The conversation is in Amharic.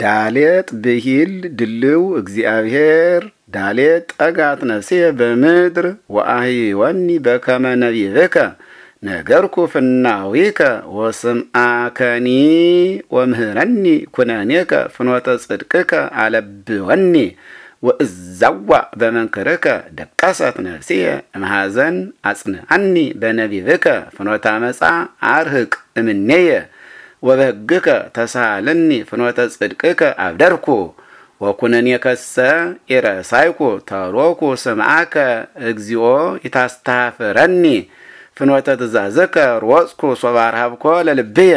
ዳሌጥ ብሂል ድልው እግዚአብሔር ዳሌጥ ጠጋት ነፍሴ በምድር ወአህይወኒ በከመ ነቢብከ ነገርኩ ፍናዊከ ወስምአከኒ ወምህረኒ ኩነኔከ ፍኖተ ጽድቅከ አለብወኒ ወእዛዋ በመንክርከ ደቀሰት ነፍሴ እምሃዘን አጽንአኒ በነቢብከ ፍኖታ መጻ አርህቅ እምኔየ ወበሕግከ ተሳለኒ ፍኖተ ጽድቅከ አብደርኩ ወኩነኔ ከሰ ኢረሳይኩ ተሮኩ ስምዓከ እግዚኦ ይታስተሃፍረኒ ፍኖተ ትእዛዝከ ሮጽኩ ሶበ አርሃብኮ ለልብየ